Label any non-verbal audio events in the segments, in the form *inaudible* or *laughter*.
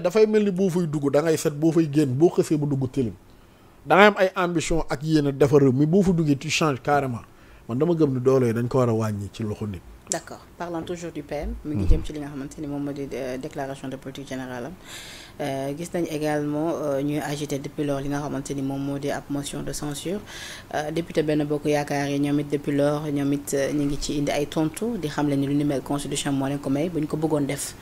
dafay mel ni boo fay dugg da ngay set boo fay génn boo xësee bu dugg tilim da ngay am ay ambition ak yéen defar mi boo fa duggee tu change carrément man dama gëm ni doole dañ ko war a wàññi ci loxo nit. d' accord parlant toujours du PM. mu ngi mhm. jëm ci li nga xamante ni moom moo di euh, déclaration de politique générale am euh, gis nañ également euh, ñuy agité depuis lors li nga xamante ni moom moo di ab motion de censure député benn bokk yaakaar yi ñoom it depuis ñoom it ñu ngi ci indi ay tontu di xam le ni lu ni mel constitution moo leen ko may bu ñu ko bëggoon def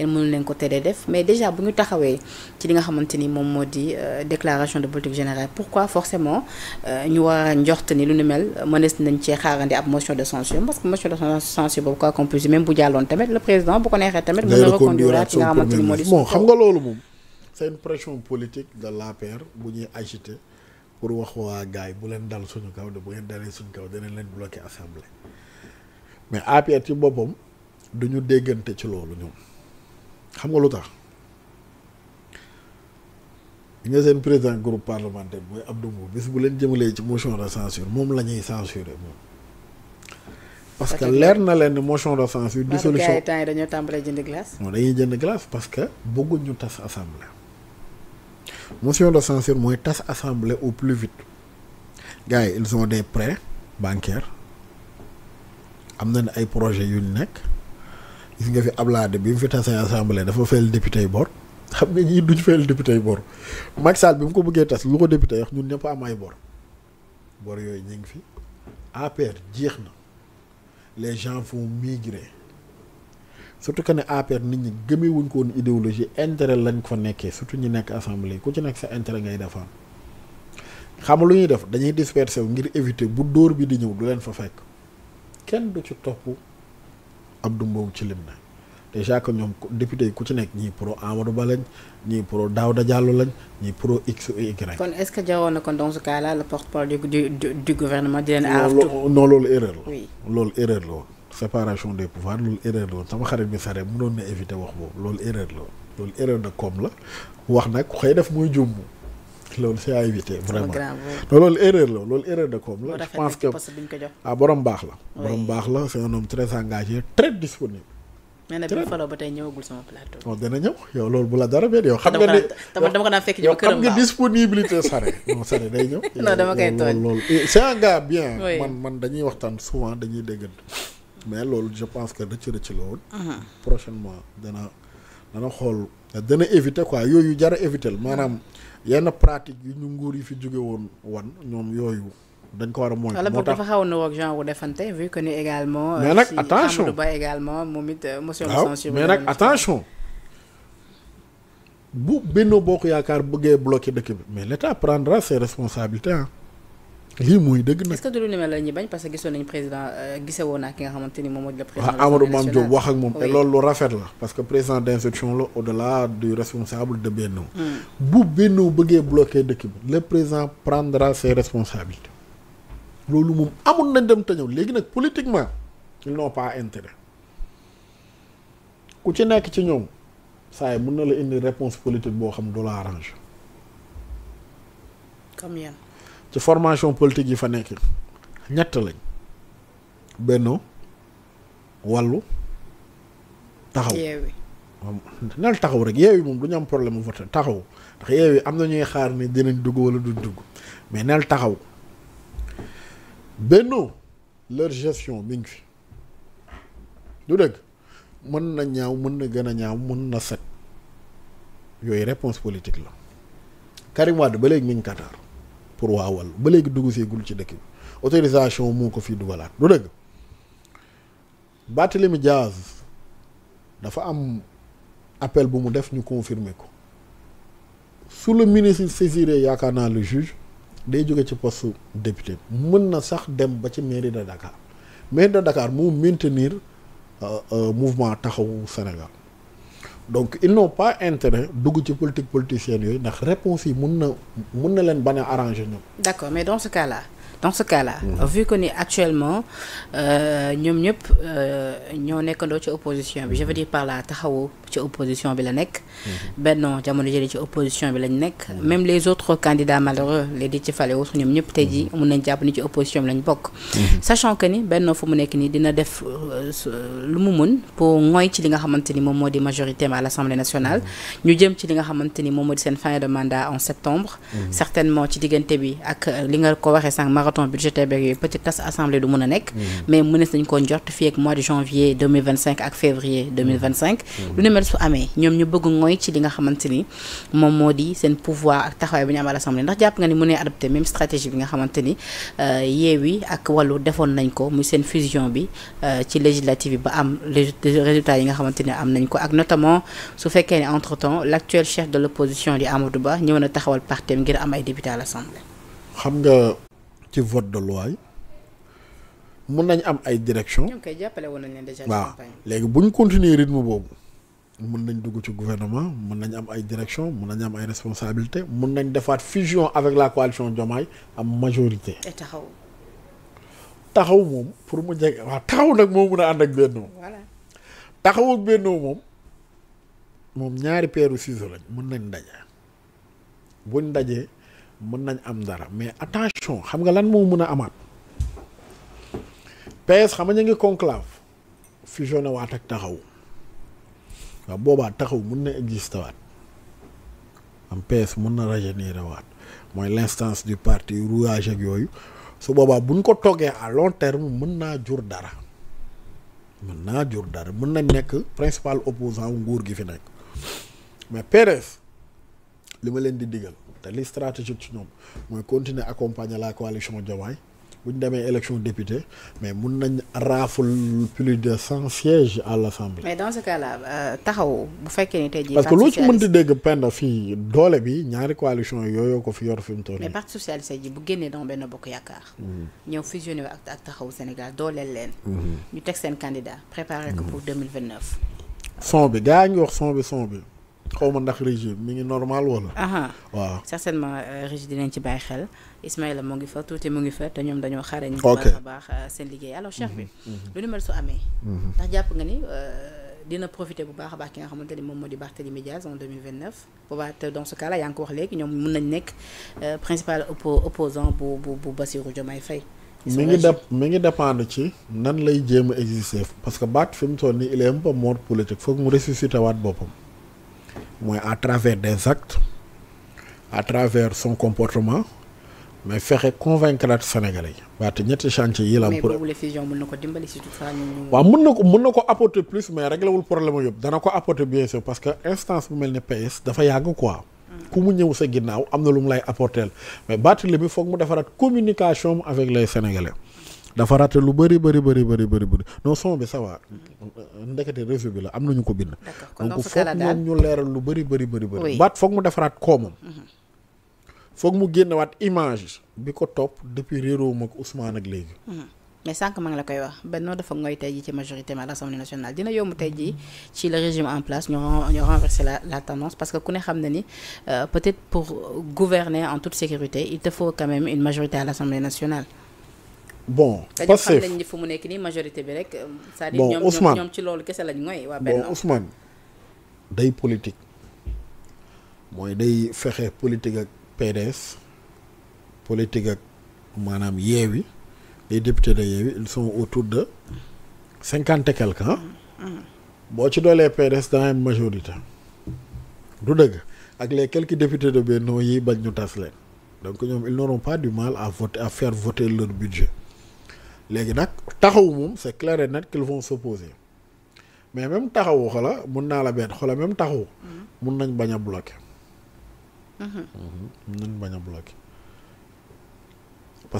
kenn mënu leen ko teree def mais déjà bu ñu taxawee ci li xamante ni moom moo di euh, déclaration de politique générale pourquoi forcément euh, ñu war a njort ni lu nu mel mënees nañ cee xaarandi ab motion de censure parce que motion de censure bu jàlloon tamit le président bu ko neexee tamit mën na reconduire ci nga xamante ni moo di bon xam nga loolu moom c'est une pression politique de l'APR bu ñuy agité pour wax waa gars yi bu leen dal suñu kaw de leen bloqué assemblée xam nga lu tax li nga seen président groupe parlementaire mooy Abdou Mbow bis bu leen jëmalee ci motion de censure moom la ñuy censurer moom. parce que leer na leen ne motion de censure du solution temps yi dañoo tàmbalee jënd glace. non dañuy jënd glace parce que bëgguñ ñu tas assemblée. motion de censure mooy tas assemblée au plus vite. gars yi ils ont des prêts bancaires am na nañ ay projet yu ñu nekk. gis nga fi Ablaade bi mu fi tasee assemblée dafa fayal député yi bor xam nga ñii duñ fayal député yi bor Macky Sall bi mu ko bëggee tas lu ko député wax ñun ñëpp am ay bor bor yooyu ñu ngi fi APR jeex na les gens font migrer surtout que ne APR nit ñi gëmewuñ ko woon idéologie intérêt lañ ko nekkee surtout ñi nekk assemblée ku ci nekk sa intérêt ngay defaan xam lu ñuy def dañuy disperser wu ngir éviter bu dóor bi di ñëw du leen fa fekk kenn du ci topp. ab Abdou Mbow ci lim na déjà que ñoom député yi ku ci nekk ñii pro Amadou Ba lañ ñii daaw da Diallo lañ ñii pro X et Y. kon est jaroon na kon dans ce cas-là le porte-parole du gouvernement di leen aar. non loolu erreur la. oui loolu erreur la séparation des pouvoirs loolu erreur la woon sama xarit bi sare mënoon na éviter wax boobu loolu erreur la woon loolu de com la wax nag xëy def mooy jumbu la woon c'est à éviter vraiment te loolu erreur la loolu erreur de com la je pense que ah borom baax la borom baax la c'est un la dara nga ne dama ko daan fekk yow xam nga *laughs* Sare. non Sare day ñëw. *laughs* non dama koy tooñ loolu c'est un gars bien. man man dañuy waxtaan souvent dañuy déggant mais loolu je pense que rëcc rëcc la mhm. prochainement dana dana xool. dana éviter quoi yooyu jara éviter maanaam yenn pratique yi ñu nguur yi fi jóge woon wan ñoom yooyu dañ ko war a mooy. moo tax dafa xaw a nuwoog genre wu defante vu que ni également. Euh, mais nag attention moom it euh, motion de censure mais nag bu Benno Bokk Yaakaar bëggee bloquer dëkk bi mais l' état prendra ses responsabilités ah. lii mooy dëgg nag. est-ce que du lu ni mel la ñuy bañ parce que nañu président euh, gise naa ki nga xamante ni moom mooy le président Amadou Mame Diop wax ak moom te loolu lu rafet la parce que président d'instruction la au-delà du responsable de Benno hmm. bu Benno bëggee bloquer dëkk bi le président prendra ses responsabilités loolu moom amul nañ dem te ñëw léegi nag politiquement ils n'ont pas intérêt ku ci nekk ci ñoom saa mun na la indi réponse politique boo xam du la arrange comme ci formation politique yi fa nekk ñett lañ Benno Wallu Taxaw nel taxaw rek Yewwi moom du ñu am problème mu voté taxaw ndax Yewwi am na ñuy xaar ni dinañ dugg wala du dugg mais nel taxaw Benno leur gestion mi ngi fi du dëgg mën na ñaaw mën na gën a ñaaw mën na set yooyu reponse politique la Karim Wade ba léegi mi ngi pour waawal ba léegi dugg see gul ci dëkk bi autorisation moo ko fii dugalaat du dëgg Barthélemy Diaz dafa am appel bu mu def ñu confirmer ko su le ministre saisiré yaakaar naa le juge day jóge ci poste député mën na sax dem ba ci mairie de Dakar mairie de Dakar mu maintenir euh, euh, mouvement taxawu Sénégal donc ils n'ont pas intérêt dugg ci politique politicienne yooyu ndax réponse yi mun na mun na leen ban a arranger ñoom. d'accord mais dans ce cas dans ce cas là. Mmh. que ni actuellement euh, ñoom ñëpp euh, ñoo nekkandoo ci opposition bi je veux mm-hmm. dire par là taxawu ci opposition bi la nekk. Mm-hmm. Benno jamono jëlee ci opposition bi lañ nekk. Mm-hmm. même les autres candidats malheureux les Déthié Fall wut ñoom ñëpp tey jii mun nañ jàpp ni ci opposition bi lañ bokk. sachant que ni Benno fu mu nekk nii dina def euh, lu mu mun pour mooy ci li nga xamante ni moom moo di majorité à l'Assemblée nationale. ñu jëm ci li nga xamante ni moom moo di seen de mandat en septembre. certainement ci bi ak marathon budgétaire beeg yooyu peut-être tas assemblée du mën a nekk mais mënees nañ mm-hmm. nga xamante ni moom moo di seen pouvoir ak taxawaay bu ñu am à l'assemblée ndax jàpp nga ni mënee adopté même stratégie bi nga xamante ni euh, Yewwi ak Wallu defoon nañ ko muy seen fusion bi euh, ci législative bi ba am résultat yi nga xamante ni am nañ ko ak notamment su fekkee ne entre temps l'actuel chef de l'opposition di Amadou Ba ñëw na taxawal parti ngir am ay député à l'assemblée ci vote de loi mun nañ am ay direction ñoom kay jàppale woon nañ leen déjà waaw léegi buñ ñu continuer boobu mun nañ dugg ci gouvernement mun nañ am ay direction mun nañ am ay responsabilité mun nañ defaat fusion avec la coalition Diomaye am majorité. et taxaw. taxaw moom pour mu jege waaw taxaw nag moo mun a ànd ak Benno. voilà taxaw ak Benno moom moom ñaari peeru ciseaux lañ mun nañ daje buñ dajee. mën nañ am dara mais attention xam nga lan moo mën a amaat PS xam na ñu ngi conclave fusionné waat ak taxaw waaw boobaa taxaw mën na existé waat am PS mën na rajeunir waat mooy l'instance du parti rouage ak yooyu su boobaa buñ ko toggee à long terme mën naa jur dara mën naa jur dara mën nañ nekk principal opposant nguur gi fi nekk mais PDS li ma leen di digal te li stratégique ci ñoom mooy continuer accompagner la coalition Diomaye bu ñu demee élection député mais mun nañ raaful plus de cent sièges à l' assemblée. mais dans ce cas là euh, taxaw bu fekkee ni tey jii. loo ci mënti dégg penda fii doole bi ñaari coalition yooyoo ko fi yor fi mu toll. mais parti socialiste ji bu génnee dama benn bokk yaakaar. Mm-hmm. ñëw fusionné ak ak taxawu Sénégal dooleel leen. Mm-hmm. ñu teg seen candidat préparé ko pour mm-hmm. deux mille vingt son bi gaa ngi wax son bi son bi. xaw ma ndax Régis mi ngi normal wala. waaw certainement euh, Régis dinañ ci bàyyi xel Ismaïla mu ngi fa tuuti mu ngi fa te ñoom dañoo xarañ. bu baax a baax euh, seen liggéey alors Cheikh bi. Mm-hmm. Mm-hmm. lu ni mel su amee. Mm-hmm. ndax jàpp nga ni euh, dina profiter bu baax a baax ki nga xamante ni moom moo di Barthélémy Diaz en 2029. boobaa te dans ce cas là yaa ngi ko wax léegi ñoom mun nañ nekk principal oppo opposant bu bu bu Bassirou Diomaye Faye. mi ngi dep mi ngi dépendre ci nan lay jéem a exister parce que baat fi mu toll nii il est un peu waat boppam. mooy à travers des actes à travers son comportement mais fexe convaincre at Sénégalais yi. waaw te yi la na ko dimbali surtout mën na ko mën na ko apporter plus mais réglé wul problème yëpp dana ko apporter bien sûr parce que instance bu mel ni PS dafa yàgg quoi. ku mu ñëw sa ginnaaw am na lu mu lay apporter mais Barthélémy foog mu defaraat communication avec les Sénégalais. dafa raté lu bëri bëri bëri bëri bëri bëri non son bi ça va ndekete réseau bi la am nañu ko bind donc foog ñoom ñu leeral lu bëri bëri bëri bëri baat foog mu defaraat koomam mhm. foog mu génnewaat image bi ko topp depuis réeroo mag Ousmane ak léegi mhm. mais sànq ma ngi la koy wax Benno dafa ngoy tey jii ci majorité ma à l'Assemblée nationale dina yomb tey jii ci le régime en place ñu ñu renverser la la tendance parce que ku ne xam na ni euh, peut-être pour gouverner en toute sécurité il te faut quand même une majorité à l'Assemblée nationale bon Pastef dañu fu mu nekk nii majorité bi rek. Euh, bon Ousmane ñoom ci loolu kese lañ mooy. waa benn bon Ousmane day politique mooy day fexe politique ak PDS politique ak maanaam yeewi les députés de Yewwi ils sont autour de cinquante et quelque ah. Mm-hmm. boo ci doolee PDS dana am majorité. du dëgg ak les quelques députés de Benno yi bañ ñu tas leen donc ñoom ils n'auront pas du mal à voter à faire voter leur budget. léegi nag taxaw moom c'est clair et net qu'ils vont mais même taxawu xoola mun naa la benn xoola même taxawu. Mm-hmm. mun nañ bañ a bloquer. Mm-hmm. Mm-hmm. mun nañ bañ a bloquer.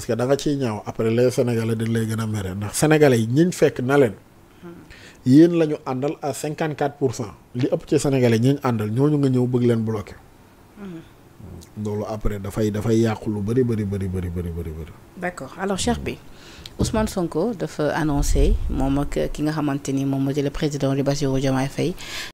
que da ciy ñaaw après les sénégalais dañ lay gën a mere ndax sénégalais yi ñiñ fekk na leen. yéen la ñu àndal à cinquante quatre pour cent li ëpp ci sénégalais ñiñ àndal ñoo ñooñu nga ñëw bëgg leen bloquer. loolu après dafay dafay yàqu lu bëri bëri bëri bëri bëri bëri bëri d'accord alors Cheikh bi Ousmane Sonko dafa annoncé moom ma ki nga xamante ni moom moo di le président di Bassirou Diomaye Faye